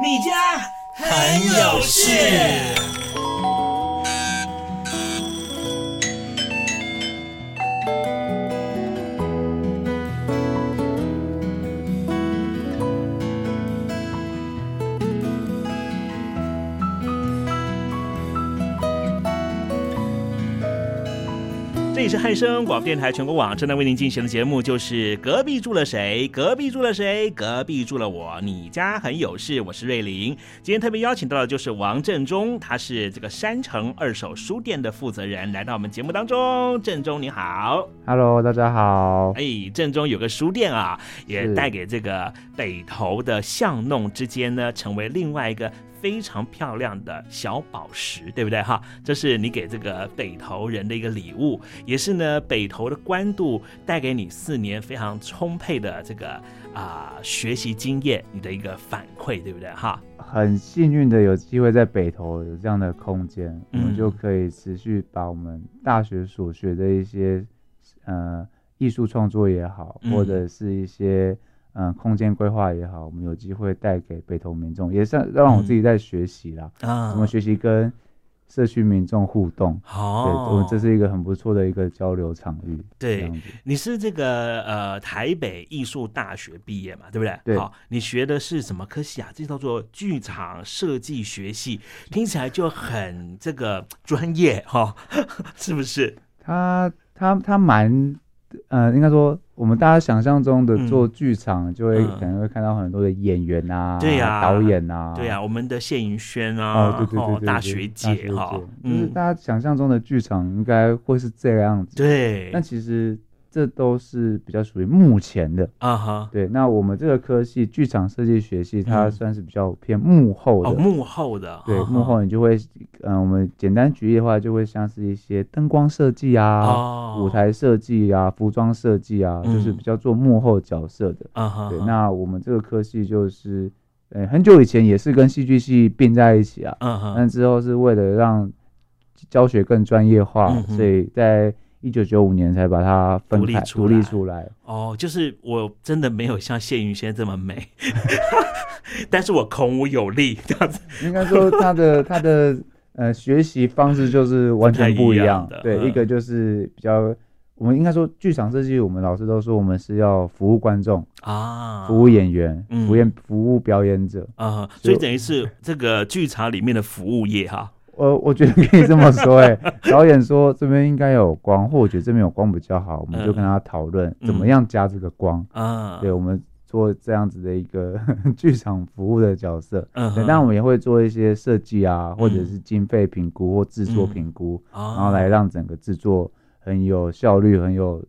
你家很有事。是漢聲，廣播電台全國網正在為您進行的節目，就是《隔壁住了誰》。隔壁住了誰？隔壁住了我。你家很有事。我是瑞麟，今天特別邀請到的就是王政中，他是這個山城二手書店的負責人，來到我們節目當中。政中你好，Hello，大家好。哎，政中有個書店啊，也帶給這個北投的巷弄之間呢，成為另外一個。非常漂亮的小寶石，對不對哈？這是你給這個北投人的一個禮物，也是呢，北投的關渡帶給你四年非常充沛的這個啊、呃、學習經驗，你的一個反饋，對不對哈？很幸運的有機會在北投有這樣的空間，嗯、我們就可以持續把我們大學所學的一些呃藝術創作也好，嗯、或者是一些。嗯，空間規劃也好，我們有機會帶給北投民眾，也是讓我自己在學習啦、嗯。啊，怎麼學習跟社區民眾互動、哦，對，我們這是一個很不錯的一個交流場域。對，你是這個呃，台北藝術大學畢業嘛，對不對？好、哦、你學的是什麼科系啊？這叫做劇場設計學系，聽起來就很這個專業哈，哦、 是不是？他他他蠻，呃，應該說。我們大家想象中的做劇場，就會可能會看到很多的演員啊，嗯嗯、對呀、啊，導演啊，對呀、啊，我們的謝盈萱啊、哦，對對對，對，對，對、哦，大學姐哈、哦，就是大家想象中的劇場應該會是這個樣子、嗯。對，但其實。這都是比較屬於幕前的啊哈，uh -huh. 對。那我們這個科系，劇場設計學系，它算是比較偏幕後的，幕後的，對，幕後你就會，嗯、呃，我們簡單舉例的話，就會像是一些燈光設計啊、uh -huh. 舞台設計啊、服裝設計啊，uh -huh. 就是比較做幕後角色的啊哈。Uh -huh. 對，那我們這個科系就是，呃，很久以前也是跟戲劇系併在一起啊，嗯哼，但之後是為了讓教學更專業化，uh -huh. 所以在。一九九五年才把它分開獨立出來。獨立出來哦，就是我真的沒有像謝雲仙這麼美， 但是我孔武有力這樣子。應該說他的 他的呃學習方式就是完全不一樣，一樣的。對、嗯，一個就是比較我們應該說劇場設計，我們老師都說我們是要服務觀眾啊，服務演員，服、嗯、務服務表演者啊、嗯，所以等於是這個劇場裡面的服務業哈、啊。我我覺得可以這麼說哎、欸， 導演說，這邊應該有光，或我覺得這邊有光比較好，我們就跟他討論怎麼樣加這個光、嗯嗯、啊。對，我們做這樣子的一個劇場服務的角色，嗯，那我們也會做一些設計啊，或者是經費評估或制作評估、嗯嗯啊，然後來讓整個制作很有效率，很有。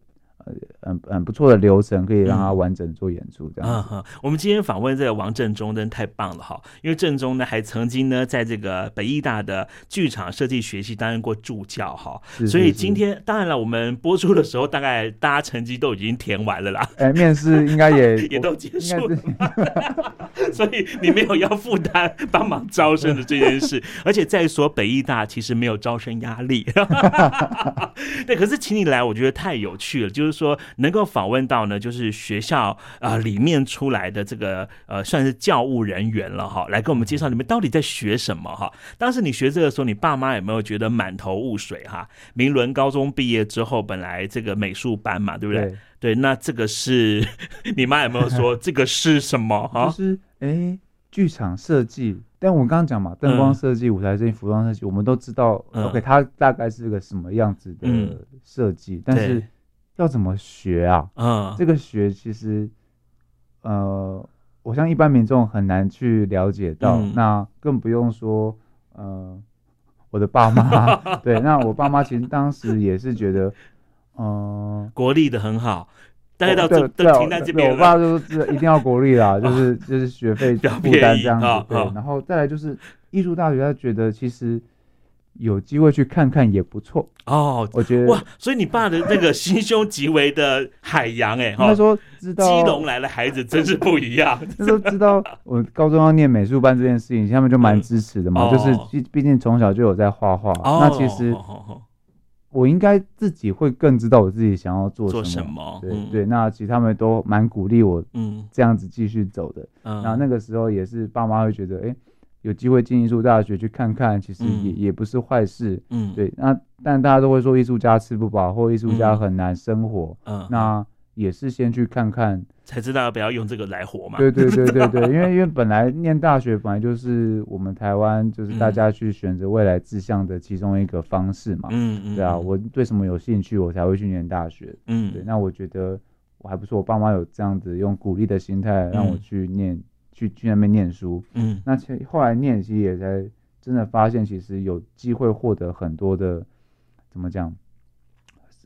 很很不錯的流程，可以讓他完整做演出這樣。嗯哼、嗯嗯嗯，我們今天訪問這個王政中真的太棒了哈，因為政中呢還曾經呢在這個北藝大的劇場設計學系擔任過助教哈，所以今天是是是當然了，我們播出的時候，大概大家成績都已經填完了啦。哎、欸，面試應該也 也都結束了，了。 所以你沒有要負擔幫忙招生的這件事， 而且再說北藝大其實沒有招生壓力。 對，可是請你來，我覺得太有趣了，就是。就是、說能夠訪問到呢，就是學校啊、呃、裡面出來的這個呃，算是教務人員了哈，來跟我們介紹你們到底在學什麼哈。當時你學這個時候，你爸媽有沒有覺得滿頭霧水哈？明倫高中畢業之後，本來這個美術班嘛，對不對？對，對，那這個是你媽有沒有說這個是什麼？哈 就是哎，劇場設計。但我剛剛講嘛，燈光設計、嗯、舞台設計、服裝設計，我們都知道、嗯，OK，它大概是個什麼樣子的設計、嗯，但是。要怎麼學啊？嗯，這個學其實，呃，我像一般民眾很難去了解到、嗯，那更不用說，呃，我的爸媽。 對，那我爸媽其實當時也是覺得，嗯、呃，國立的很好，大家到這邊，我爸就是一定要國立啦， 就是就是學費比較便宜這樣子、啊哦，對。然後再來就是藝術大學，他覺得其實。有機會去看看也不錯哦，我覺得哇，所以你爸的那個心胸極為的海洋哎、欸，應該 說知道，基隆來的孩子真是不一樣，他 說知道我高中要念美術班這件事情，嗯、他們就蠻支持的嘛，哦、就是畢畢竟從小就有在畫畫、哦，那其實我應該自己會更知道我自己想要做什麼做什麼，對、嗯、對，那其實他們都蠻鼓勵我，嗯，這樣子繼續走的、嗯，然後那個時候也是爸媽會覺得，哎、欸。有機會進藝術大學去看看，其實也、嗯、也不是壞事。嗯，對。那但大家都會說藝術家吃不飽，或藝術家很難生活嗯。嗯，那也是先去看看，才知道要不要用這個來活嘛。對對對對對， 因為因為本來念大學，本來就是我們台灣就是大家去選擇未來志向的其中一個方式嘛。嗯嗯，對啊，我對什麼有興趣，我才會去念大學。嗯，對。那我覺得我還不錯，我爸媽有這樣子用鼓勵的心態讓我去念。嗯去去那邊念書，嗯，那其後來念，其實也才真的發現，其實有機會獲得很多的怎麼講，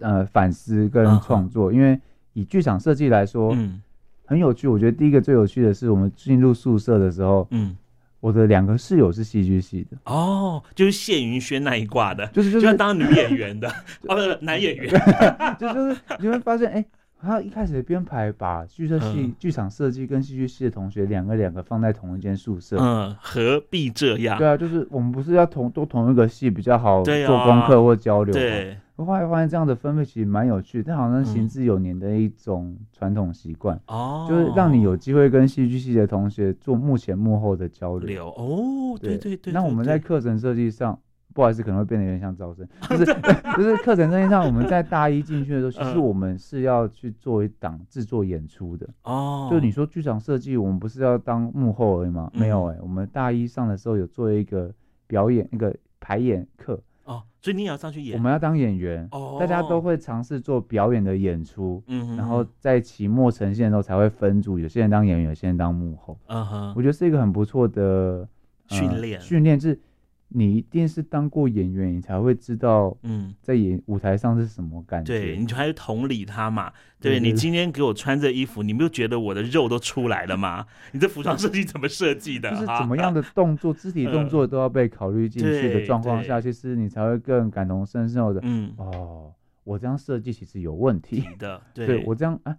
呃，反思跟創作、嗯。因為以劇場設計來說，嗯，很有趣。我覺得第一個最有趣的是，我們進入宿舍的時候，嗯，我的兩個室友是戲劇系的，哦，就是謝雲軒那一掛的，就是就是就當女演員的， 哦，不是 男演員， 就，就是你會發現哎，欸他一開始的編排把劇社戲劇場設計跟戲劇系的同學兩個兩個放在同一間宿舍，嗯，何必這樣？對啊，就是我們不是要同都同一個系比較好做功課或交流嗎？啊？對。我後來發現這樣的分配其實蠻有趣，但好像行之有年的一種傳統習慣哦，就是讓你有機會跟戲劇系的同學做幕前幕後的交流、流哦，對對對、對、對、對、對。那我們在課程設計上。不好意思，可能會變得有點像招生， 就是 就是課程上，我們在大一進去的時候，其實我們是要去做一檔制作演出的哦。就你說劇場設計，我們不是要當幕後而已嗎？嗯、沒有哎、欸，我們大一上的時候有做一個表演那個排演課哦，所以你也要上去演。我們要當演員，哦、大家都會嘗試做表演的演出，嗯哼，然後在期末呈現的時候才會分組，有些人當演員，有些人當幕後。嗯哼，我覺得是一個很不錯的訓練訓練是。你一定是當過演員，你才會知道，嗯，在演舞台上是什麼感覺，嗯。對，你就還同理他嘛。對，對，就是，你今天給我穿這衣服，你沒有覺得我的肉都出來了嗎？你這服裝設計怎麼設計的？啊就是怎麼樣的動作，啊、肢體動作都要被考慮進去的狀況下，嗯、其實你才會更感同身受的。嗯，哦，我這樣設計其實有問題的。對，我這樣啊。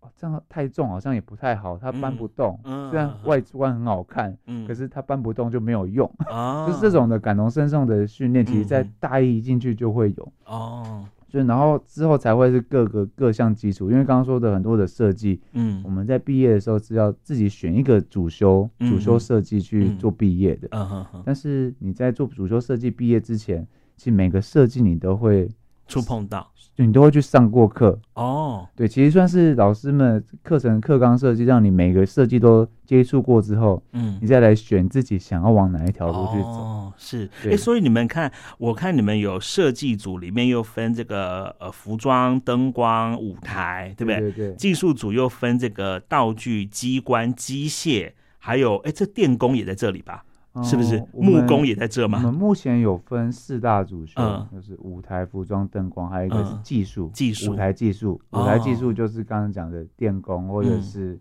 哦，這樣太重，好像也不太好，它搬不動。嗯嗯、雖然外觀很好看、嗯，可是它搬不動就沒有用。啊、 就是這種的感同身受的訓練，其實在大一一一進去就會有。哦、嗯，就然後之後才會是各個各項基礎，因為剛剛說的很多的設計，嗯，我們在畢業的時候是要自己選一個主修，嗯、主修設計去做畢業的。嗯，嗯，但是你在做主修設計畢業之前，其實每個設計你都會觸碰到。你都會去上過課哦，對，其實算是老師們課程課綱設計，讓你每個設計都接觸過之後，嗯，你再來選自己想要往哪一條路去走。哦、是，哎、欸，所以你們看，我看你們有設計組裡面又分這個呃服裝、燈光、舞台，對不對？對對對，技術組又分這個道具、機關、機械，還有哎、欸，這電工也在這裡吧？嗯、是不是木工也在這嗎？我們目前有分四大主修，嗯、就是舞台服裝、燈光，還有一個是技術、嗯，技術舞台技術，舞台技術、哦、就是剛剛講的電工，哦、或者是。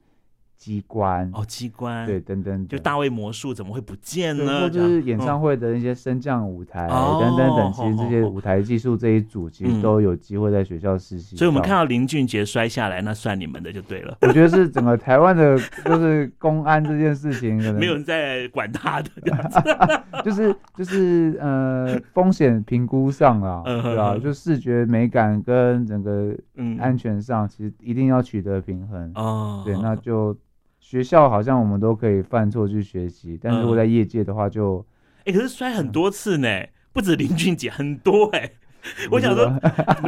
機關哦，機關對，等等，就大衛魔術怎麼會不見呢？就是演唱會的一些升降舞台、哦、等等等、哦，其實這些舞台技術這一組、哦、其實都有機會在學校實習、嗯。所以我們看到林俊傑摔下來，那算你們的就對了。我覺得是整個台灣的，就是公安這件事情，可能 沒有人在管他的這樣子 就是，就是就是呃風險評估上啦、嗯、對啊對吧？就視覺美感跟整個安全上，嗯、其實一定要取得平衡哦，對，那就。學校好像我們都可以犯錯去學習，但是如果在業界的話就，就、嗯、哎、欸，可是摔很多次呢， 不止林俊傑，很多哎。 我想說，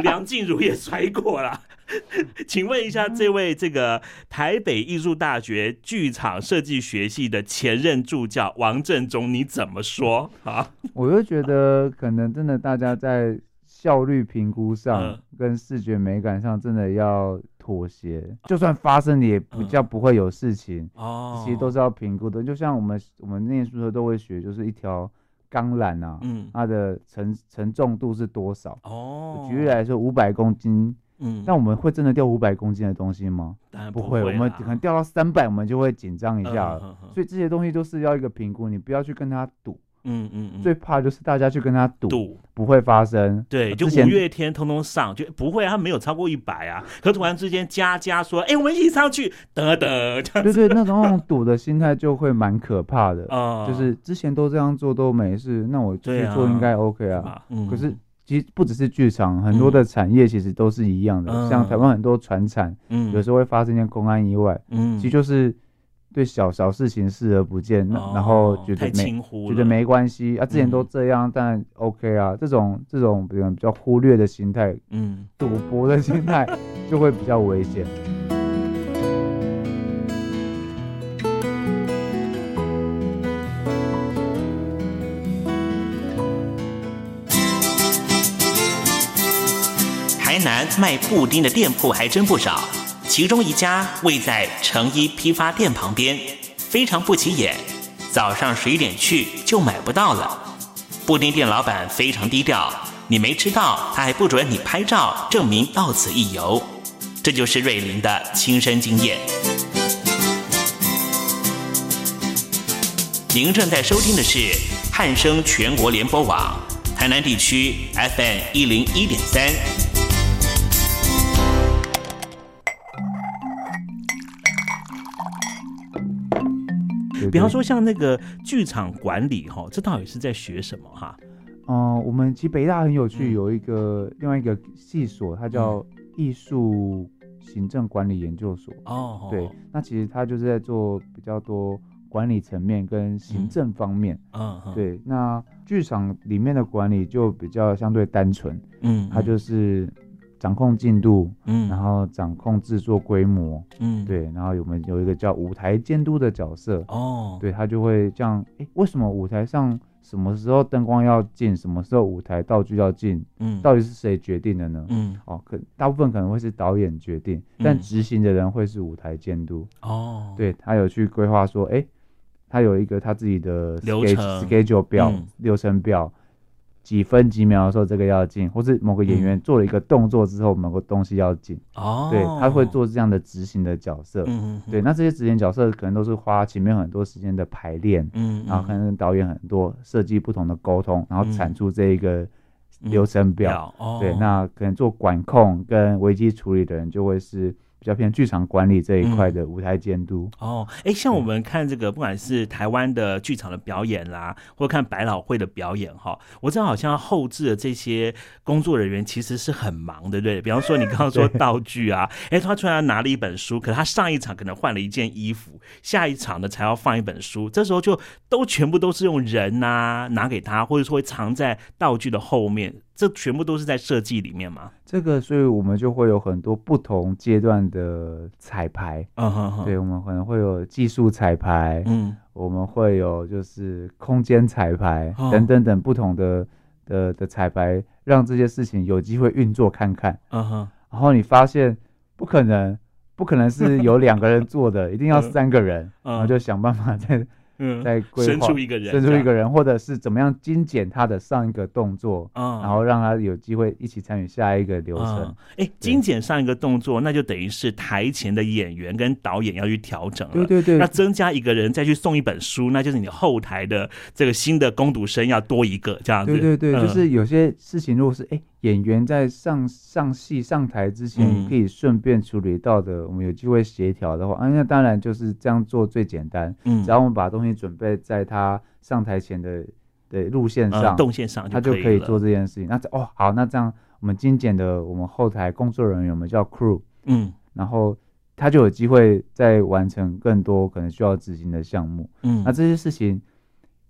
梁靜茹也摔過啦。 請問一下，這位這個台北藝術大學劇場設計學系的前任助教王政中，你怎麼說啊？我就覺得，可能真的大家在效率評估上跟視覺美感上，真的要。妥協，就算發生，也不叫不會有事情。嗯、其實都是要評估的。就像我們我們唸書的時候都會學，就是一條鋼纜吶，它的承承重度是多少？哦、舉例來說，五百公斤，那、嗯、我們會真的掉五百公斤的東西嗎？不會，我們可能掉到三百，我們就會緊張一下、嗯、呵呵所以這些東西都是要一個評估，你不要去跟他賭。嗯嗯嗯，最怕就是大家去跟他賭，賭不會發生。對，就五月天通通上，就不會啊，他沒有超過一百啊。可是突然之間，家家說：“哎、欸，我們一起上去，等等。”對對，那種賭的心態就會蠻可怕的啊。就是之前都這樣做都沒事，那我去做應該 OK 啊，啊。可是其實不只是劇場，很多的產業其實都是一樣的，嗯嗯、像台灣很多傳產、嗯，有時候會發生一些公安意外，嗯，其實就是。對小小事情視而不見，哦、然後覺得沒，覺得沒關係。啊，之前都這樣、嗯，但 OK 啊，這種這種比較比較忽略的心態，嗯，賭博的心態、嗯、 就會比較危險。台南賣布丁的店鋪還真不少。其中一家位在成衣批發店旁邊，非常不起眼。早上十一點去就買不到了。布丁店老闆非常低調，你沒吃到他還不准你拍照證明到此一遊。這就是瑞麟的親身經驗。您正在收聽的是漢聲全國聯播網，台南地區 FM 一零一點三。比方說像那個劇場管理哈，這到底是在學什麼哈？嗯，我們其實北藝大很有趣，有一個、嗯、另外一個系所，它叫藝術行政管理研究所。哦、嗯，對，那其實它就是在做比較多管理層面跟行政方面。嗯，嗯嗯對，那劇場裡面的管理就比較相對單純。嗯，它就是。掌控進度，然後掌控製作規模、嗯，對，然後我們有一個叫舞台監督的角色、哦、對他就會這樣、欸，為什麼舞台上什麼時候燈光要進，什麼時候舞台道具要進、嗯，到底是誰決定的呢？嗯、哦，可大部分可能會是導演決定，嗯、但執行的人會是舞台監督哦，對他有去規劃說，哎、欸，他有一個他自己的 sched, schedule 表流程表。嗯幾分幾秒的時候，這個要進，或是某個演員做了一個動作之後，某個東西要進、嗯、對，他會做這樣的執行的角色、哦、嗯嗯嗯，對，那這些執行角色可能都是花前面很多時間的排練、嗯嗯，然後可能跟導演很多設計不同的溝通，然後產出這一個流程表、嗯，對，那可能做管控跟危機處理的人就會是。比較偏劇場管理這一塊的舞台監督、嗯、哦，哎、欸，像我們看這個，嗯、不管是台灣的劇場的表演啦、啊，或看百老匯的表演哈、啊，我真好像後置的這些工作人員其實是很忙的，對不對？比方說你剛剛說道具啊，哎、欸，他突然拿了一本書，可他上一場可能換了一件衣服，下一場呢才要放一本書，這時候就都全部都是用人吶、啊、拿給他，或者說會藏在道具的後面。這全部都是在設計裡面嗎？這個，所以我們就會有很多不同階段的彩排。對、uh -huh -huh. 我們可能會有技術彩排，嗯、我們會有就是空間彩排、uh -huh. 等等等不同的的，的彩排，讓這些事情有機會運作看看。Uh -huh. 然後你發現不可能，不可能是有兩個人做的， 一定要三個人，uh -huh. 然後就想辦法在。在伸出一個人，伸出一個人，或者是怎麼樣精簡他的上一個動作，嗯、然後讓他有機會一起參與下一個流程。哎、嗯欸，精簡上一個動作，那就等於是台前的演員跟導演要去調整了。對對對，那增加一個人再去送一本書，那就是你後台的這個新的工讀生要多一個這樣子。對對對、嗯，就是有些事情如果是哎。欸演員在上上戲上台之前，可以順便處理到的。嗯、我們有機會協調的話，啊，那當然就是這樣做最簡單。嗯，只要我們把東西準備在他上台前的的路線上、呃、動線上，他就可以做這件事情。那哦，好，那這樣我們精簡的，我們後臺工作人員我們叫 crew，嗯，然後他就有機會再完成更多可能需要執行的項目。嗯，那這些事情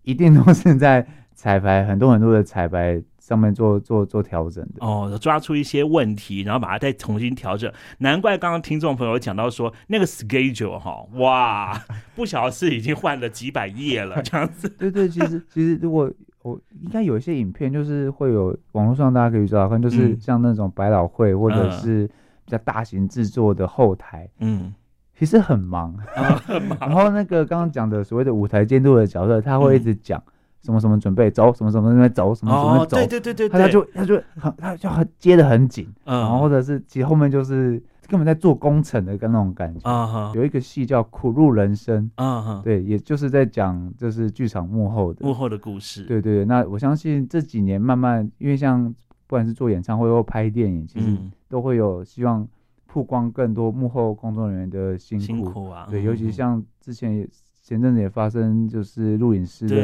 一定都是在彩排，很多很多的彩排。上面做做做調整的哦，抓出一些問題，然後把它再重新調整。難怪剛剛聽眾朋友講到說那個 schedule 哈，哇，不曉得是已經換了幾百頁了這樣子。 對，對對，其實其實如果我應該有一些影片，就是會有網絡上大家可以抓看，就是像那種百老匯或者是比較大型製作的後台，嗯，其實很忙，嗯啊、很忙。 然後那個剛剛講的所謂的舞台監督的角色，他會一直講。嗯什麼什麼準備走，什麼什麼準備走，什麼，什麼準備走，oh, 什麼準備走，對對對對，對，他就他就很他就很接得很緊，uh, 然後或者是其實後面就是根本在做工程的跟那種感覺，uh -huh. 有一個戲叫《苦路人生》uh -huh. 對，也就是在講就是劇場幕後的幕後的故事，對對，對，那我相信這幾年慢慢，因為像不管是做演唱會或拍電影，其實都會有希望曝光更多幕後工作人員的辛苦，辛苦啊，對，尤其像之前也。前陣子也發生，就是錄影師的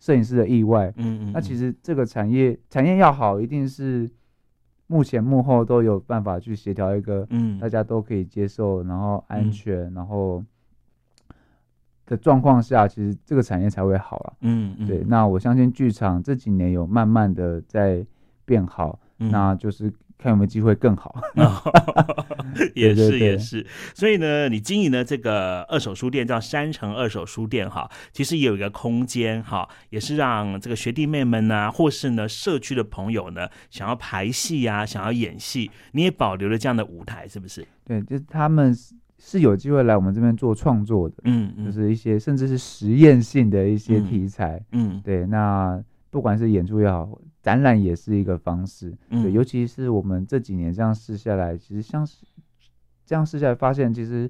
攝影師的意外。嗯嗯，那其實這個產業產業要好，一定是目前幕後都有辦法去協調一個，嗯，大家都可以接受，然後安全，嗯、然後的狀況下，其實這個產業才會好了。嗯嗯，對。那我相信劇場這幾年有慢慢的在變好，嗯、那就是。看有沒有機會更好， 也是也是，所以呢，你經營的這個二手書店叫山城二手書店哈，其實也有一個空間哈，也是讓這個學弟妹們呢、啊，或是呢社區的朋友呢，想要排戲啊，想要演戲，你也保留了這樣的舞台，是不是？對，就是他們是有機會來我們這邊做創作的，嗯，就是一些甚至是實驗性的一些題材，嗯，對，那不管是演出也好。展覽也是一個方式，對，尤其是我們這幾年這樣試下來，嗯，其實像是這樣試下來，發現其實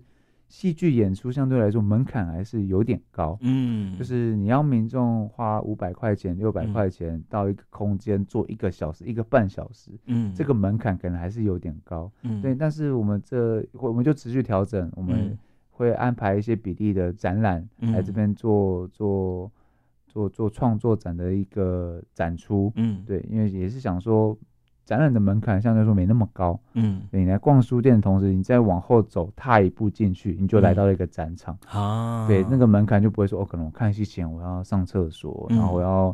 戲劇演出相對來說門檻還是有點高，嗯，就是你要民眾花五百塊錢，六百塊錢到一個空間做一個小時，嗯、一個半小時，這個門檻可能還是有點高，嗯、對，但是我們這我們就持續調整，我們會安排一些比例的展覽，嗯、來這邊做做。做做做創作展的一個展出，嗯，對，因為也是想說，展覽的門檻相對來說沒那麼高，嗯，你來逛書店的同時，你再往後走踏一步進去，你就來到了一個展場啊、嗯，對，那個門檻就不會說，哦，可能我看戲前我要上廁所，然後我要、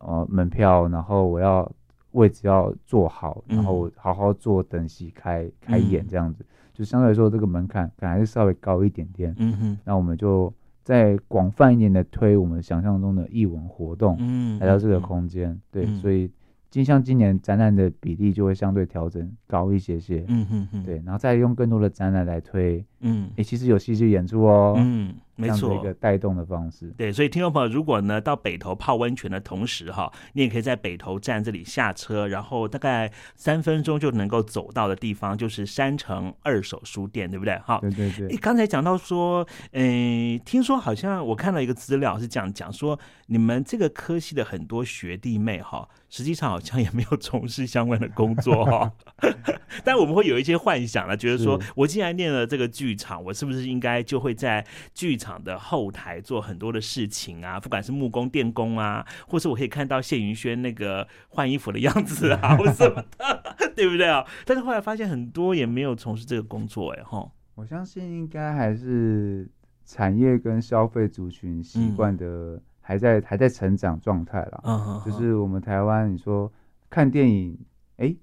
嗯、呃門票，然後我要位置要坐好，然後好好坐等戲開開演這樣子，嗯、就相對來說這個門檻可能還是稍微高一點點，嗯哼，那我們就。再廣泛一點的推我們想象中的藝文活動，嗯嗯嗯嗯，來到這個空間，對，所以就像今年展覽的比例就會相對調整高一些些，嗯哼哼，對，然後再用更多的展覽來推。嗯，誒，其實有戲劇演出哦。嗯，沒錯，一個帶動的方式。對，所以聽眾朋友，如果呢到北投泡溫泉的同時哈、哦，你也可以在北投站這裡下車，然後大概三分鐘就能夠走到的地方就是山城二手書店，對不對？哈，對對對。誒，剛才講到說，嗯、呃，聽說好像我看到一個資料是講講說，你們這個科系的很多學弟妹哈、哦，實際上好像也沒有從事相關的工作哈、哦， 但我們會有一些幻想了，覺、就、得、是、說是我既然念了這個劇。劇場，我是不是應該就會在劇場的後台做很多的事情啊？不管是木工、電工啊，或是我可以看到謝雲軒那個換衣服的樣子啊， 或什麼的， 對不對啊？但是後來發現很多也沒有從事這個工作、欸，哎齁。我相信應該還是產業跟消費族群習慣的還在、嗯、還在成長狀態啦嗯。嗯，就是我們台灣，你說看電影，哎、嗯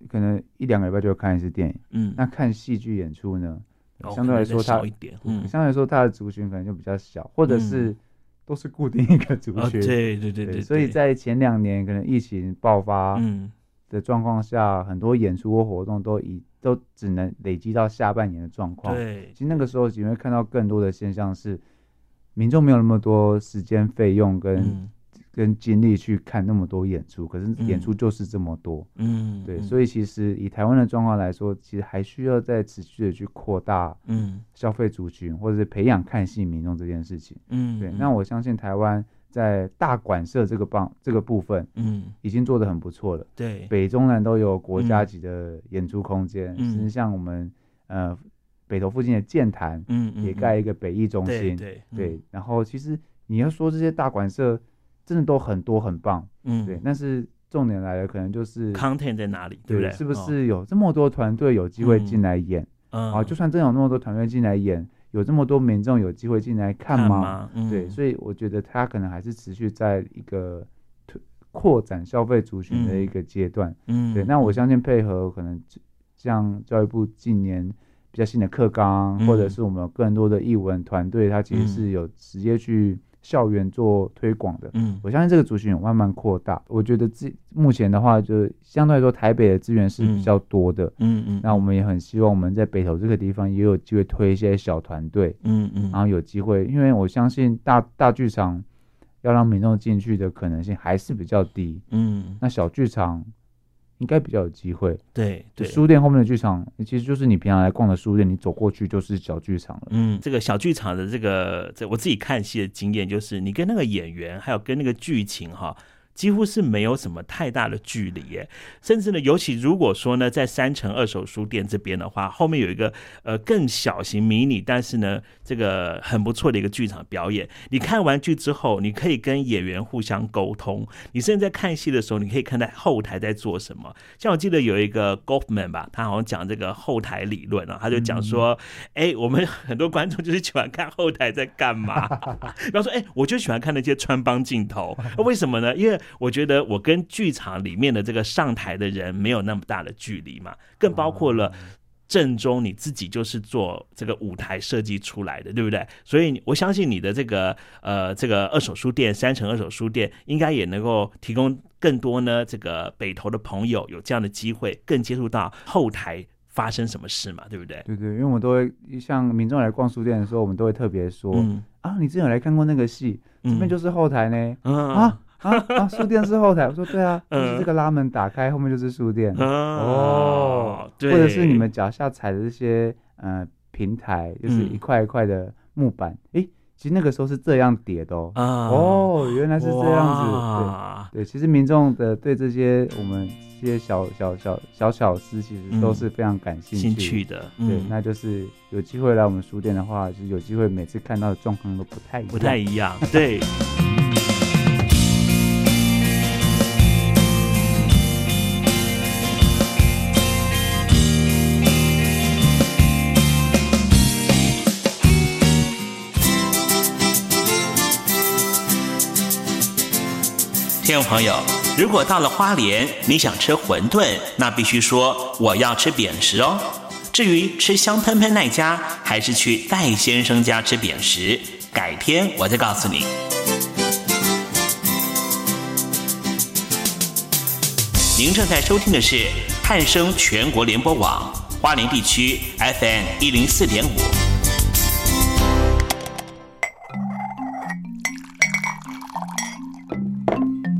欸，可能一兩個禮拜就看一次電影。嗯，那看戲劇演出呢？相對來說他，它、哦、嗯，相對來說它的族群可能就比較小，或者是都是固定一個族群，嗯、對對對，所以在前兩年可能疫情爆發的狀況下、嗯，很多演出或活動都已都只能累積到下半年的狀況。對、嗯，其實那個時候你會看到更多的現象是，民眾沒有那麼多時間、費用跟、嗯。跟精力去看那麼多演出，可是演出就是這麼多，嗯，對，所以其實以台灣的狀況來說，其實還需要再持續的去擴大，嗯，消費族群或者是培養看戲民眾這件事情，嗯，對。嗯、那我相信台灣在大館舍這個棒這個部分，嗯，已經做得很不錯了，對，北中南都有國家級的演出空間，嗯，甚至像我們呃北投附近的劍潭，嗯，也蓋一個北藝中心，對對、嗯、對，然後其實你要說這些大館舍，真的都很多很棒，嗯，對，但是重點來了，可能就是、嗯、content 在哪裡，對不對？是不是有這麼多團隊有機會進來演？嗯、啊、嗯，就算真的有那麼多團隊進來演，有這麼多民眾有機會進來看嗎，看嗎？嗯，對，所以我覺得它可能還是持續在一個擴展消費族群的一個階段，嗯，對。那我相信配合可能像教育部近年比較新的課綱、嗯，或者是我們更多的藝文團隊，他其實是有直接去。校園做推廣的，嗯，我相信這個族群有慢慢擴大。我覺得自目前的話，就是相對來說，台北的資源是比較多的，嗯，嗯，嗯。那我們也很希望我們在北投這個地方也有機會推一些小團隊，嗯，嗯。然後有機會，因為我相信大大劇場要讓民眾進去的可能性還是比較低，嗯。那小劇場。應該比較有機會，對對。書店後面的劇場，其實就是你平常來逛的書店，你走過去就是小劇場了。嗯，這個小劇場的這個這，我自己看戲的經驗就是，你跟那個演員，還有跟那個劇情，哈。幾乎是沒有什麼太大的距離，耶，甚至呢，尤其如果說呢，在山峸二手書店這邊的話，後面有一個呃更小型迷你，但是呢，這個很不錯的一個劇場表演。你看完劇之後，你可以跟演員互相溝通，你甚至在看戲的時候，你可以看到後台在做什麼。像我記得有一個 Goffman 吧，他好像講這個後台理論啊，他就講說，哎、嗯欸，我們很多觀眾就是喜歡看後台在幹嘛， 比方說，哎、欸，我就喜歡看那些穿幫鏡頭，為什麼呢？因為我覺得我跟劇場裡面的這個上台的人沒有那麼大的距離嘛，更包括了政中你自己就是做這個舞台設計出來的，對不對？所以我相信你的這個呃這個二手書店山峸二手書店應該也能夠提供更多呢這個北投的朋友有這樣的機會，更接觸到後台發生什麼事嘛，對不對？對對，因為我都會像民眾來逛書店的時候，我們都會特別說、嗯、啊，你之前有來看過那個戲，這邊就是後台呢，嗯、啊。啊 啊，啊書店是後台，我說對啊，就、嗯、是這個拉門打開，後面就是書店。啊、哦，對，或者是你們腳下踩的這些呃平台，就是一塊一塊的木板。哎、嗯欸，其實那個時候是這樣疊的哦、啊。哦，原來是這樣子。對對，其實民眾的對這些我們這些小小小小小事，其實都是非常感興趣、嗯、興趣的、嗯。對，那就是有機會來我們書店的話，就有機會每次看到的狀況都不太不太一樣。一樣 對。聽眾朋友，如果到了花蓮，你想吃餛飩，那必須說我要吃扁食哦。至於吃香噴噴那家，還是去戴先生家吃扁食，改天我再告訴你。您正在收聽的是漢聲全國聯播網花蓮地區 FM 一零四點五。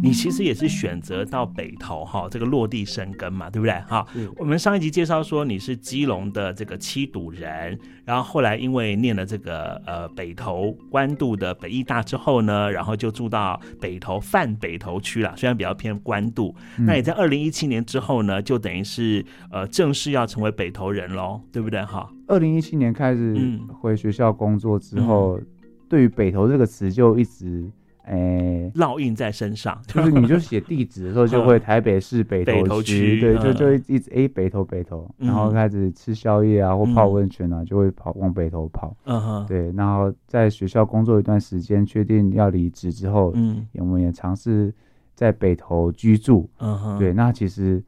你其實也是選擇到北投哈，這個落地生根嘛，對不對哈、嗯？我們上一集介紹說你是基隆的這個七堵人，然後後來因為念了這個呃北投關渡的北藝大之後呢，然後就住到北投泛北投區了，雖然比較偏關渡、嗯。那也在二零一七年之後呢，就等於是呃正式要成為北投人嘍，對不對哈？二零一七年開始回學校工作之後、嗯，對於北投這個詞就一直。哎、欸，烙印在身上，就是你就寫地址的時候就會台北市北投區，對，就就一直哎、欸、北投北投、嗯，然後開始吃宵夜啊或泡溫泉啊、嗯，就會跑往北投跑，嗯對，然後在學校工作一段時間，確、嗯、定要離職之後，嗯，我們也嘗試在北投居住，嗯對，那其實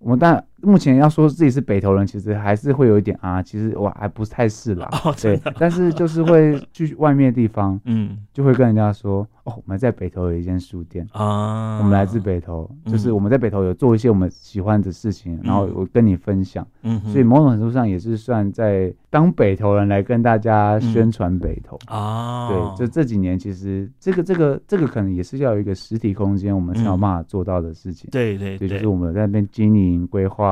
我但。目前要說自己是北投人，其實還是會有一點啊。其實我還不是太是啦，oh, 對。但是就是會去外面的地方， 嗯，就會跟人家說，哦，我們在北投有一間書店啊，我們來自北投，嗯，就是我們在北投有做一些我們喜歡的事情，嗯，然後我跟你分享。嗯，所以某種程度上也是算在當北投人來跟大家宣傳北投啊，嗯。對，就這幾年其實這個這個這個可能也是要有一個實體空間，我們才有辦法做到的事情。嗯，對對對，就是我們在那邊經營規劃。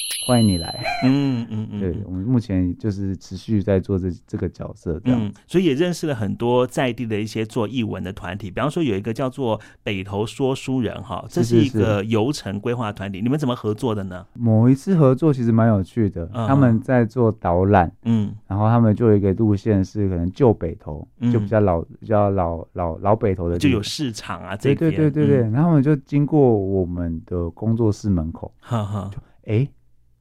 歡迎你來。嗯，嗯嗯嗯，對我們目前就是持續在做這這個角色這樣，嗯，所以也認識了很多在地的一些做藝文的團體，比方說有一個叫做北投說書人哈，這是一個遊程規劃團體。是是是，你們怎麼合作的呢？某一次合作其實蠻有趣的，哦，他們在做導覽，嗯，然後他們就有一個路線是可能舊北投，嗯，就比較老比較老老老北投的，就有市場啊，對對對對對，嗯、然後我們就經過我們的工作室門口，哈、嗯、哈，就哎。欸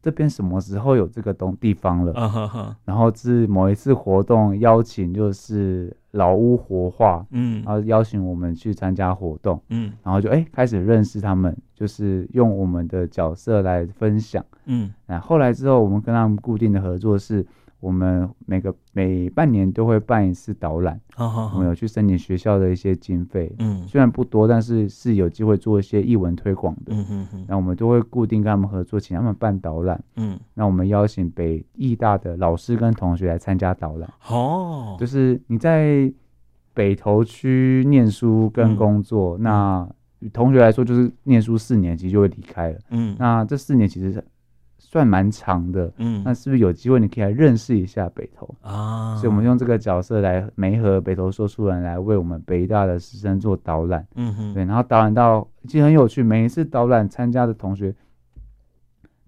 這邊什麼時候有這個東地方了？Oh, oh, oh. 然後是某一次活動邀請，就是老屋活化，嗯，然後邀請我們去參加活動，嗯，然後就哎、欸、開始認識他們，就是用我們的角色來分享，嗯，那、啊、後來之後我們跟他們固定的合作是。我們每個每半年都會辦一次導覽，我們有去申請學校的一些經費，嗯，雖然不多，但是是有機會做一些藝文推廣的，嗯哼哼。那我們都會固定跟他們合作，請他們辦導覽，嗯。那我們邀請北藝大的老師跟同學來參加導覽，哦，嗯，就是你在北投區念書跟工作，嗯，那同學來說就是念書四年其實就會離開了，嗯，那這四年其實是。算蠻長的，嗯，那是不是有機會你可以來認識一下北投啊？所以，我們用這個角色來媒合北投說書人來為我們北大的師生做導覽，嗯哼，對，然後導覽到其實很有趣，每一次導覽參加的同學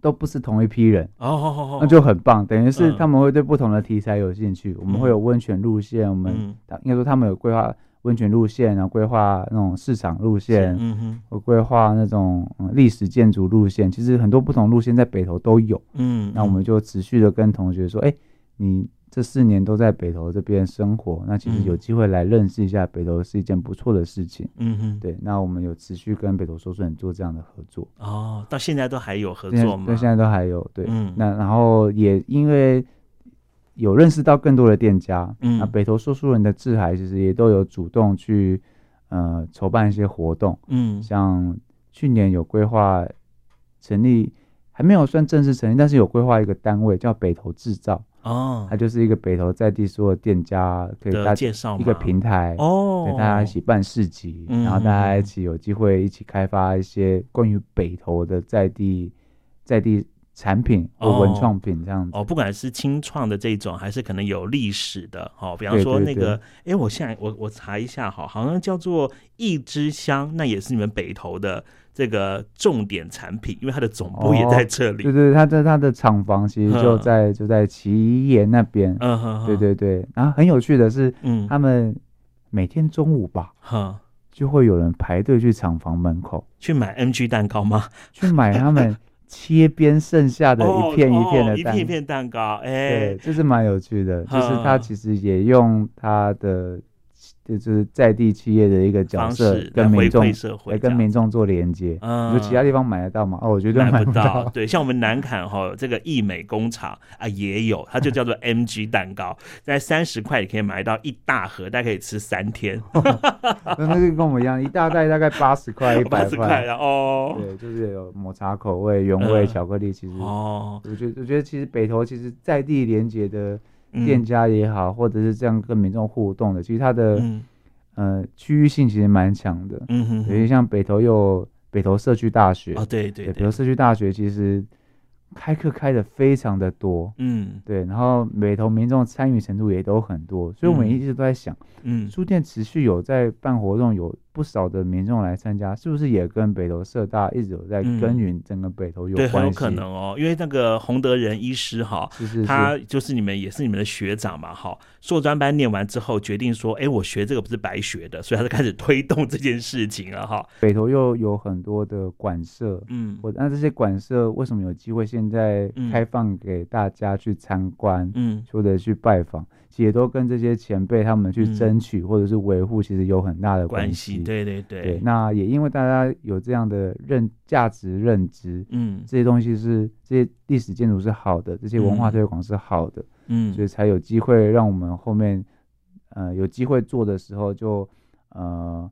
都不是同一批人，哦哦，哦，那就很棒，等於是他們會對不同的題材有興趣，嗯、我們會有溫泉路線，我們、嗯、應該說他們有規劃。溫泉路線，然後規劃那種市場路線，嗯哼，或規劃那種歷、嗯、史建築路線，其實很多不同路線在北投都有，嗯，那我們就持續的跟同學說，哎、嗯欸，你這四年都在北投這邊生活，那其實有機會來認識一下北投是一件不錯的事情，嗯哼，對，那我們有持續跟北投說說，做這樣的合作，哦，到現在都還有合作嗎？現到現在都還有，對，嗯、那然後也因為。有認識到更多的店家，嗯，那北投說書人的智海其實也都有主動去，呃，籌辦一些活動，嗯，像去年有規劃成立，還沒有算正式成立，但是有規劃一個單位叫北投制造，哦，它就是一個北投在地所有店家給大家介紹一個平台，哦，給大家一起辦市集，嗯，然後大家一起有機會一起開發一些關於北投的在地在地。產品哦，文創品這樣子哦，哦，不管是青創的這種，還是可能有歷史的哦，比方說那個，哎、欸，我現在我我查一下哈，好像叫做一枝香，那也是你們北投的這個重點產品，因為它的總部也在這裡。哦、對，對對，它在它的廠房其實就在就在奇岩那邊。嗯哼，對對對。然後很有趣的是，嗯，他們每天中午吧，哈、嗯，就會有人排隊去廠房門口去買 NG 蛋糕嗎？去買他們。 切邊剩下的一片一片的蛋糕，哎、哦，這、哦欸對，就是蠻有趣的、嗯，就是他其實也用他的。就是在地企業的一個角色跟民眾，跟民眾跟民眾做連接。嗯，有其他地方買得到嗎？哦，我覺得買不到。對，像我們南坎哈，這個義美工廠啊，也有，它就叫做 MG 蛋糕，在三十塊你可以買到一大盒，大概可以吃三天。哈哈哈哈那跟我們一樣，一大袋大概八十塊，一百塊然後哦。對，就是有抹茶口味、原味、呃、巧克力，其實。哦。我覺，我覺得其實北投其實在地連接的。店家也好，或者是這樣跟民眾互動的，其實它的，嗯、呃、區域性其實蠻強的。嗯哼，哼，尤其像北投又有北投社區大學啊，哦，對對，對，對，北投社區大學其實開課開的非常的多。嗯，對，然後北投民眾參與程度也都很多，所以我們一,一直都在想，嗯，書店持續有在辦活動有，不少的民眾來參加，是不是也跟北投社大一直有在耕耘整個北投有關、嗯？對，很有可能哦，因為那個洪德仁醫師哈，他就是你們也是你們的學長嘛哈，碩專班念完之後決定說，哎，我學這個不是白學的，所以他就開始推動這件事情了哈。北投又有很多的館舍，嗯，我那這些館舍為什麼有機會現在開放給大家去參觀，嗯，或者去拜訪，也都跟這些前輩他們去爭取或者是維護，其實有很大的、嗯嗯、關係。對對對，對，那也因為大家有這樣的認價值認知，嗯，這些東西是這些歷史建築是好的，這些文化推廣是好的，嗯，所以才有機會讓我們後面，呃，有機會做的時候就，呃，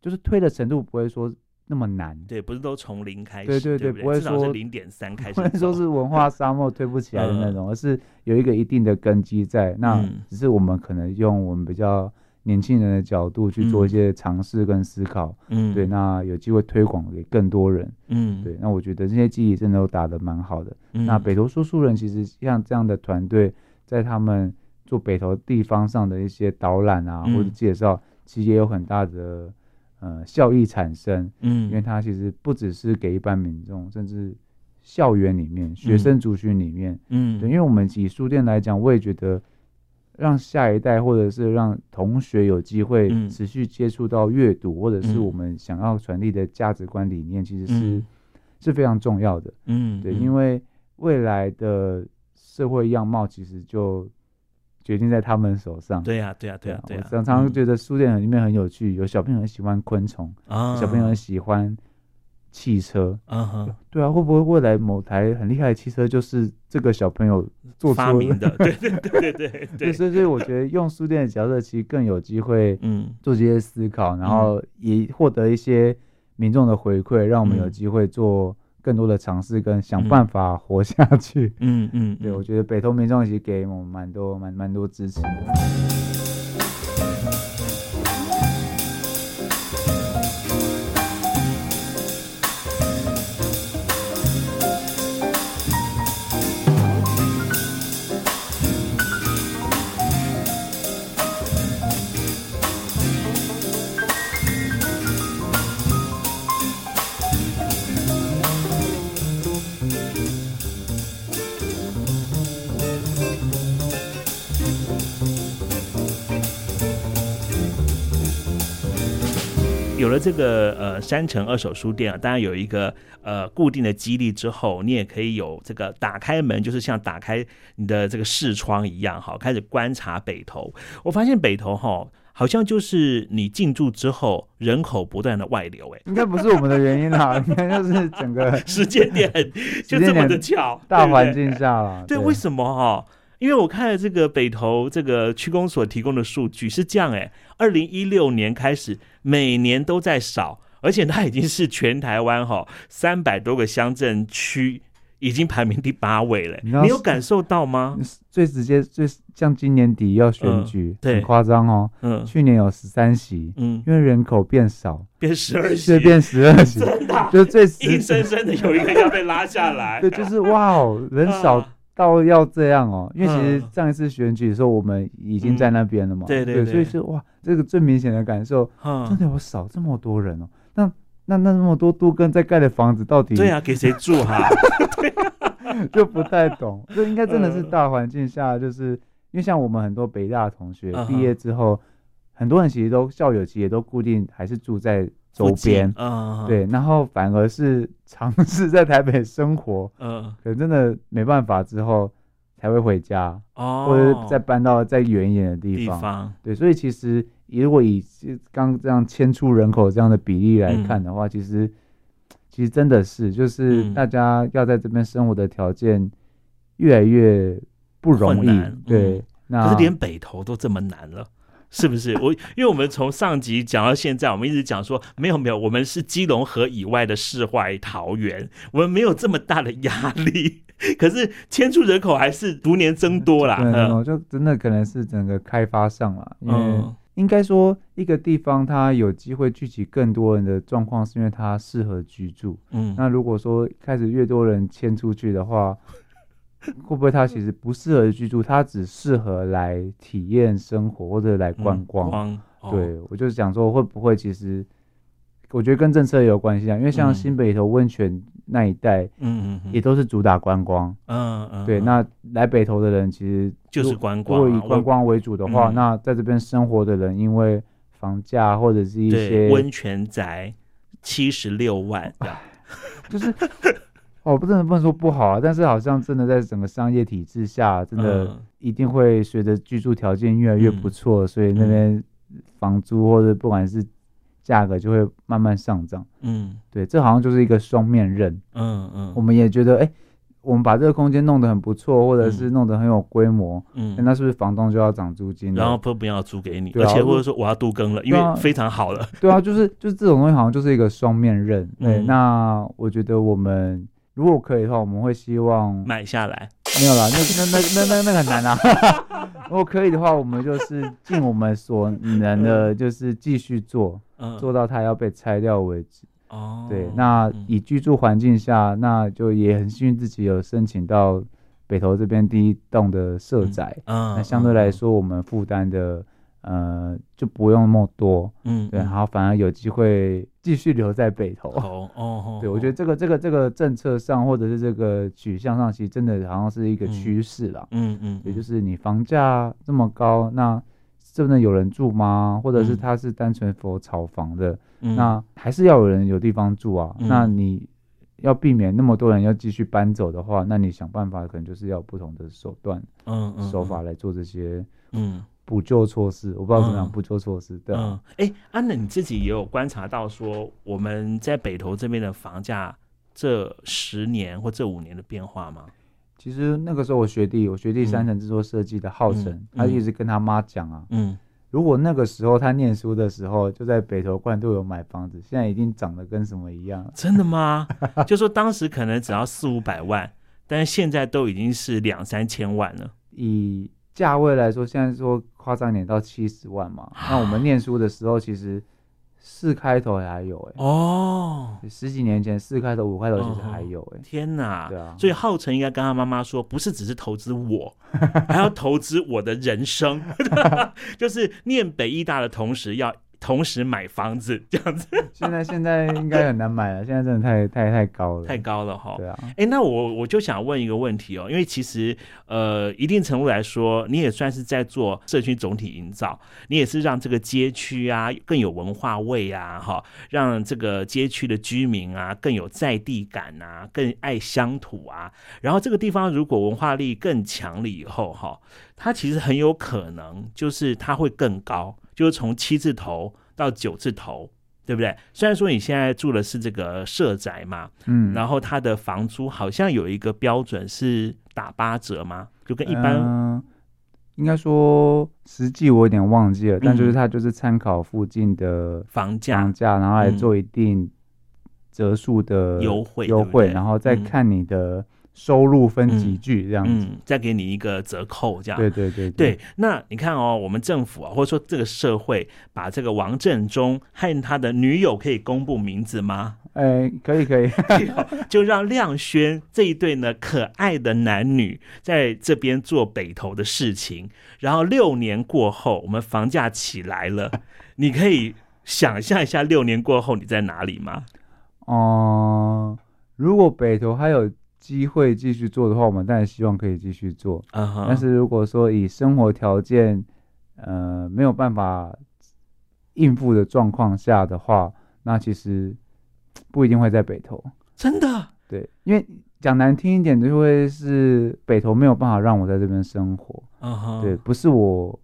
就是推的程度不會說那麼難，對，不是都從零開始，對對對，不會說零點三開始，不能說是文化沙漠推不起來的那種、 呃，而是有一個一定的根基在，那只是我們可能用我們比較。年輕人的角度去做一些嘗試跟思考，嗯，對，那有機會推廣給更多人，嗯，對，那我覺得這些記憶真的都打得蠻好的、嗯。那北投說書人其實像這樣的團隊，在他們做北投地方上的一些導覽啊、嗯，或者介紹，其實也有很大的呃效益產生，嗯，因為他其實不只是給一般民眾，甚至校園裡面、學生族群裡面，嗯，對，因為我們以書店來講，我也覺得。讓下一代，或者是讓同學有機會持續接觸到閱讀、嗯，或者是我們想要傳遞的價值觀理念，嗯、其實是、嗯、是非常重要的。嗯，對嗯，因為未來的社會樣貌其實就決定在他們手上。對呀、啊，對呀、啊，對呀、啊啊，我常常覺得書店裡面很有趣，嗯、有小朋友很喜歡昆蟲，啊、小朋友很喜歡。汽車、uh -huh.，對啊，會不會未來某台很厲害的汽車就是這個小朋友做發明的？對對對對，所以 所以我覺得用書店的角色其實更有機會，嗯，做這些思考，嗯、然後也獲得一些民眾的回饋，讓我們有機會做更多的嘗試跟想辦法活下去。嗯嗯，嗯 對，我覺得北投民眾其實給我們蠻多蠻蠻多支持。有了這個呃，山城二手書店啊，當然有一個呃固定的基地之後，你也可以有這個打開門，就是像打開你的這個視窗一樣好，好開始觀察北投。我發現北投哈、哦，好像就是你進駐之後，人口不斷的外流，哎，應該不是我們的原因啊， 應該就是整個 時間點就這麼的巧，大環境下了。對，對，對，對，為什麼哈、哦？因為我看了這個北投這個區公所提供的數據是這樣，欸，哎，二零一六年開始每年都在少，而且它已經是全台灣哈三百多個鄉鎮區已經排名第八位了，欸你。你有感受到嗎？最直接最像今年底要選舉，嗯、對，很誇張哦。嗯，去年有十三席，嗯，因為人口變少，嗯、變十二席，變十二席，真的啊，就是最硬生生的有一個要被拉下來。 對，就是哇，wow，人少。啊到要這樣哦，因為其實上一次選舉的時候，我們已經在那邊了嘛、嗯，對對對,對所以說哇，這個最明顯的感受，嗯、真的有少這麼多人哦，那那那那麼多都更在蓋的房子到底對啊，給誰住哈 對、啊，就不太懂，這應該真的是大環境下，就是、嗯、因為像我們很多北大同學畢業之後、啊，很多人其實都校友其實也都固定還是住在。周邊，嗯、呃，對，然後反而是嘗試在台北生活，嗯、呃，可能真的沒辦法之後才會回家，哦，或者再搬到再遠一點的地方，地方，對，所以其實以如果以剛這樣遷出人口這樣的比例來看的話，嗯、其實其實真的是就是大家要在這邊生活的條件越來越不容易，對，嗯、那可是連北投都這麼難了。 是不是我？因為我們從上集講到現在，我們一直講說沒有沒有，我們是基隆河以外的世外桃源，我們沒有這麼大的壓力。可是遷出人口還是逐年增多啦。嗯就，就真的可能是整個開發上了。嗯，應該說一個地方它有機會聚集更多人的狀況，是因為它適合居住。嗯，那如果說開始越多人遷出去的話。會不會他其實不適合居住，他只適合來體驗生活或者來觀光？嗯光哦、對，我就是講說會不會其實我覺得跟政策也有關係啊，因為像新北投溫泉那一帶，嗯嗯，也都是主打觀光，嗯嗯、嗯、嗯、嗯，對。嗯嗯、那來北投的人其實就是觀光，啊，如果以觀光為主的話，嗯、那在這邊生活的人因為房價或者是一些溫泉宅七十六萬，就是。 哦，不，真的不能說不好啊，但是好像真的在整個商業體制下，真的一定會隨着居住條件越來越不錯、嗯，所以那邊房租或者不管是價格就會慢慢上漲。嗯，對，這好像就是一個雙面刃。嗯嗯，我們也覺得，哎、欸，我們把這個空間弄得很不錯，或者是弄得很有規模，嗯，嗯、欸，那是不是房東就要漲租金了？然後不不要租給你？對、啊、而且或者說我要都更了，啊、因為非常好了。對啊，對啊，就是就是這種東西好像就是一個雙面刃。對、嗯欸、那我覺得我們。如果可以的話，我們會希望買下來。沒有啦，那那那那那那，那很難啊！ 如果可以的話，我們就是盡我們所能的，就是繼續做、嗯嗯，做到它要被拆掉為止。哦、嗯，對，那以居住環境下、嗯，那就也很幸運自己有申請到北投這邊第一棟的社宅嗯。嗯，那相對來說，我們負擔的、嗯、呃就不用那麼多。嗯，對，然後反而有機會。繼續留在北投，oh, oh, oh, oh, 對我覺得這個這個這個政策上或者是這個取向上，其實真的好像是一個趨勢啦。嗯嗯，嗯，也就是你房價這麼高，那是真的有人住嗎？或者是他是單純 for 炒房的、嗯？那還是要有人有地方住啊。嗯、那你要避免那麼多人要繼續搬走的話，那你想辦法可能就是要不同的手段、嗯嗯、手法來做這些。嗯。嗯嗯補救措施，我不知道怎麼樣補救措施。對嗯，哎、嗯，安、欸、娜、啊、你自己也有觀察到說我們在北投這邊的房價這十年或這五年的變化嗎？其實那個時候我學弟，我學弟三層制作設計的浩辰、嗯嗯嗯，他一直跟他媽講啊嗯，嗯，如果那個時候他念書的時候就在北投關渡有買房子，現在已經漲得跟什麼一樣了？真的嗎？ 就說當時可能只要四五百萬， 但是現在都已經是兩三千萬了。價位來說，現在說誇張點到七十萬嘛。那我們念書的時候，其實四開頭還，還有哎、欸、哦，十幾年前四開頭五開頭其實還有哎、欸哦。天哪！對啊，所以浩辰應該跟他媽媽說，不是只是投資我，還要投資我的人生， 就是念北藝大的同時要。同時買房子這樣子，現在現在應該很難買了， 現在真的太太太高了，太高了哈。對啊，哎、欸，那我我就想問一個問題哦，因為其實呃，一定程度來說，你也算是在做社區總體營造，你也是讓這個街區啊更有文化味啊哈，讓這個街區的居民啊更有在地感吶、啊，更愛鄉土啊。然後這個地方如果文化力更強了以後哈，它其實很有可能就是它會更高。就是從七字頭到九字頭，對不對？雖然說你現在住的是這個社宅嘛，嗯，然後它的房租好像有一個標準是打八折嘛，就跟一般，呃、應該說實際我有點忘記了，嗯、但就是它就是參考附近的房價，嗯、房價然後來做一定折數的優惠優惠、嗯嗯，然後再看你的。收入分幾句，這樣子，嗯嗯，再給你一個折扣這樣。對對對對，對,對。那你看哦，我們政府啊，或者說這個社會，把這個王政中和他的女友可以公布名字嗎？哎，欸，可以可以。 就，哦，就讓亮軒這一對呢可愛的男女，在這邊做北投的事情。然後六年過後，我們房價起來了， 你可以想象一下六年過後你在哪裡嗎？哦，呃，如果北投還有機會繼續做的話，我們當然希望可以繼續做。Uh -huh. 但是如果說以生活條件，呃，沒有辦法應付的狀況下的話，那其實不一定會在北投。真的？對，因為講難聽一點，就會是北投沒有辦法讓我在這邊生活。Uh -huh. 對，不是我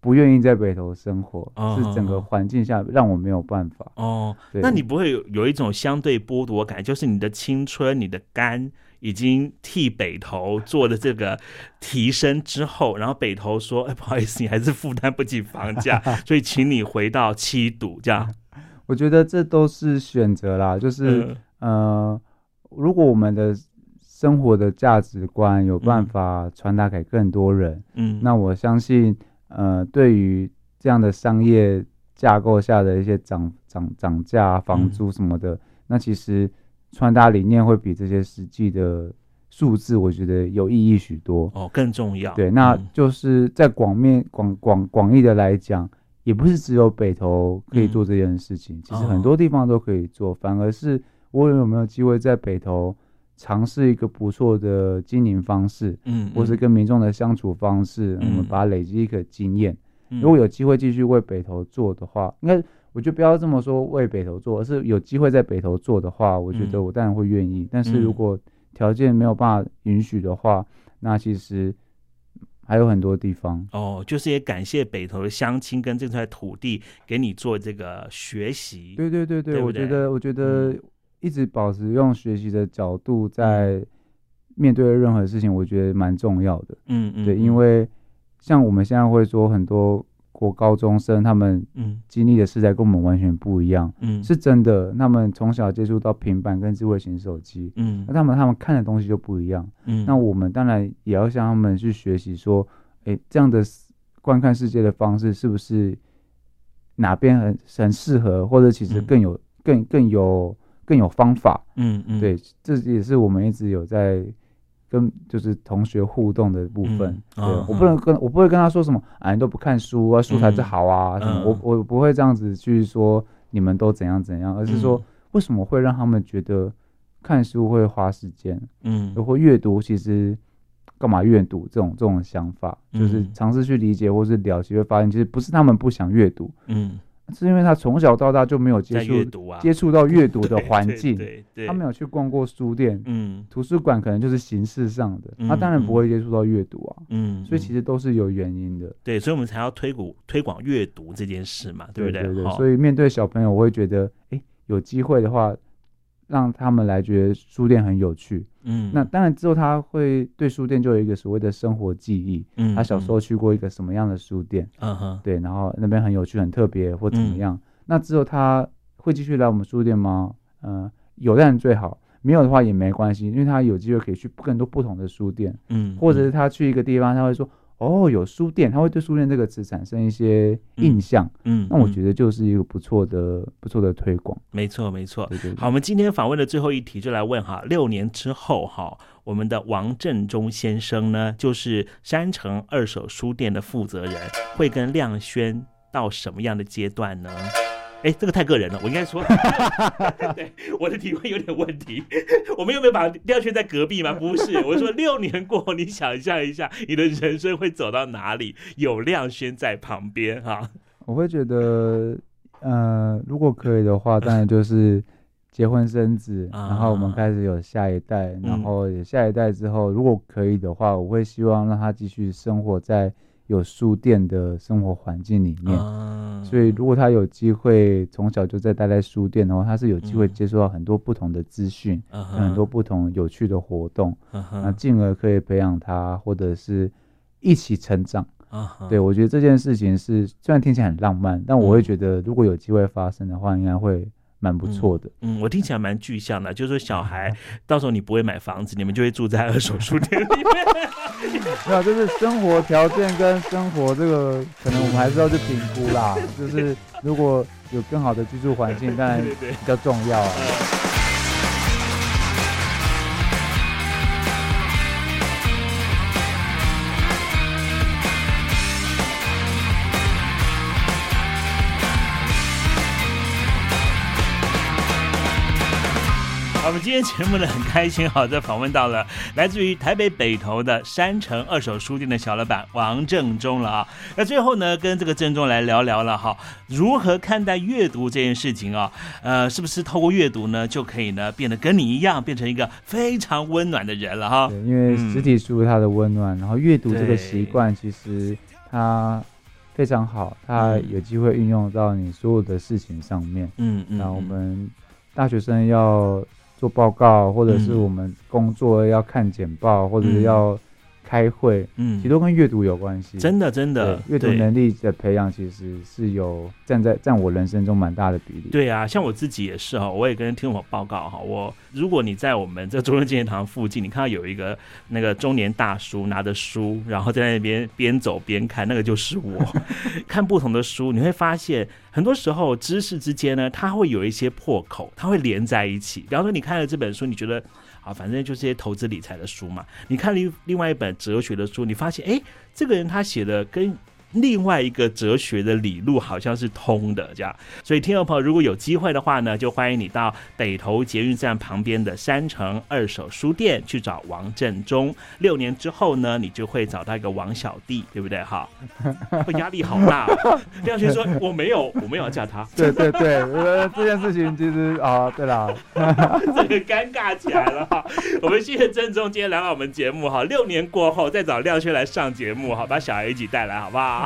不願意在北投生活，uh -huh. 是整個環境下讓我沒有辦法。哦，uh -huh. oh. Oh. 那你不會有有一種相對剝奪感，就是你的青春、你的肝已經替北投做的這個提升之後，然後北投說：“哎，不好意思，你還是負擔不起房價， 所以請你回到七堵這樣，我覺得這都是選擇啦。就是、嗯、呃，如果我們的生活的價值觀有辦法傳達給更多人，嗯，那我相信，呃，對於這樣的商業架，架構下的一些漲漲漲價、房租什麼的，嗯、那其實。穿搭理念會比這些實際的數字，我覺得有意義許多哦，更重要。對，那就是在廣面廣廣廣，廣義的來講，也不是只有北投可以做這件事情，嗯、其實很多地方都可以做。哦、反而是我有沒有機會在北投嘗試一個不錯的經營方式，嗯，嗯，或是跟民眾的相處方式，我、嗯、們把它累積一個經驗、嗯。如果有機會繼續為北投做的話，應該。我就不要這麼說，為北投做，而是有機會在北投做的話，我覺得我當然會願意、嗯。但是如果條件沒有辦法允許的話、嗯，那其實還有很多地方哦，就是也感謝北投的鄉親跟這塊土地給你做這個學習。對對對對，對對我覺得我覺得一直保持用學習的角度在面對任何事情，我覺得蠻重要的。嗯嗯，對嗯，因為像我們現在會說很多。國高中生，他們嗯經歷的時代跟我們完全不一樣，嗯，是真的。他們從小接觸到平板跟智慧型手機，嗯，那他們他們看的東西就不一樣，嗯。那我們當然也要向他們去學習，說，哎、欸，這樣的觀看世界的方式是不是哪邊很很適合，或者其實更有、嗯、更更有更有方法嗯，嗯，對，這也是我們一直有在。跟就是同學互動的部分，嗯、對、哦、我不能跟我不會跟他說什麼，哎，你都不看書啊，書才是好啊，嗯、什麼，我我不會這樣子去說你們都怎樣怎樣，而是說為什麼會讓他們覺得看書會花時間，嗯，如果閱讀其實幹嘛閱讀這種這種想法，嗯、就是嘗試去理解或是了解，會發現其實不是他們不想閱讀，嗯。是因為他從小到大就沒有接觸、啊、接觸到閱讀的環境，對對對對，他沒有去逛過書店，嗯、圖書館可能就是形式上的，嗯、他當然不會接觸到閱讀啊，嗯，所以其實都是有原因的，對，所以我們才要推廣推廣閱讀這件事嘛，對不對？對對對，哦、所以面對小朋友，我會覺得，哎、欸，有機會的話。讓他們來覺得書店很有趣，嗯，那當然之後他會對書店就有一個所謂的生活記憶，嗯，嗯，他小時候去過一個什麼樣的書店，嗯，嗯對，然後那邊很有趣很特別或怎麼樣。嗯，那之後他會繼續來我們書店嗎？呃，有的人最好，沒有的話也沒關係，因為他有機會可以去更多不同的書店，嗯，嗯，或者是他去一個地方他會說。哦，有書店，他會對“書店”這個詞產生一些印象嗯。嗯，那我覺得就是一個不錯的、嗯、不錯的推廣。沒錯，沒錯對對對，好，我們今天訪問的最後一題就來問哈：六年之後哈，我們的王政中先生呢，就是山城二手書店的負責人，會跟亮軒到什麼樣的階段呢？哎，這個太個人了，我應該說， 對，我的體會有點問題。我們有沒有把亮軒在隔壁嗎？不是，我是說六年過後， 你想象一下你的人生會走到哪裡？有亮軒在旁邊，哈，我會覺得，呃，如果可以的話，當然就是結婚生子， 然後我們開始有下一代，啊、然後有下一代之後、嗯，如果可以的話，我會希望讓他繼續生活在。有書店的生活環境裡面，Uh-huh. 所以如果他有機會從小就在待在書店的話，他是有機會接觸到很多不同的資訊，Uh-huh. 很多不同有趣的活動，Uh-huh. 那進而可以培養他或者是一起成長。Uh-huh. 對，我覺得這件事情是雖然聽起來很浪漫，但我會覺得如果有機會發生的話，應該會。蠻不錯的。嗯，嗯，我聽起來蠻具象的，就是說小孩到時候你不會買房子，你們就會住在二手書店裡面。啊， 就是生活條件跟生活這個，可能我們還是要去評估啦。就是如果有更好的居住環境，當 然比較重要啊。 對對對對 今天節目呢很開心，哈。在訪問到了來自於台北北投的山城二手書店的小老板王政中了啊。那最後呢，跟這個政中來聊聊了哈、啊，如何看待閱讀這件事情啊？呃，是不是透過閱讀呢，就可以呢變得跟你一樣，變成一個非常溫暖的人了哈、啊？因為實體書它的溫暖，然後閱讀這個習慣其實它非常好，它有機會運用到你所有的事情上面。嗯嗯，嗯，那我們大學生要。做報告，或者是我們工作要看簡報，嗯、或者是要。開會，嗯，其實都跟閱讀有關係，真的，真的，閱讀能力的培養其實是有占在占我人生中蠻大的比例。對啊，像我自己也是啊，我也跟人聽我報告哈。我如果你在我們這個中正紀念堂附近，你看到有一個那個中年大叔拿着書，然後在那邊邊走邊看，那個就是我。 看不同的書，你會發現很多時候知識之間呢，它會有一些破口，它會連在一起。比方說，你看了這本書，你覺得。啊，反正就是一些投資理財的書嘛。你看另另外一本哲學的書，你發現，哎，這個人他寫的跟。另外一個哲學的理路好像是通的，這樣，所以聽眾朋友如果有機會的話呢，就歡迎你到北投捷運站旁邊的山城二手書店去找王政中。六年之後呢，你就會找到一個王小弟，對不對？哈， 會壓力好大。 亮軒說：“我沒有，我沒有叫他。”對對對， 呃，這件事情其實啊，對了， 這個尷尬起來了哈。 我們謝謝政中今天來到我們節目哈。六年過後再找亮軒來上節目，哈，把小孩一起帶來好不好？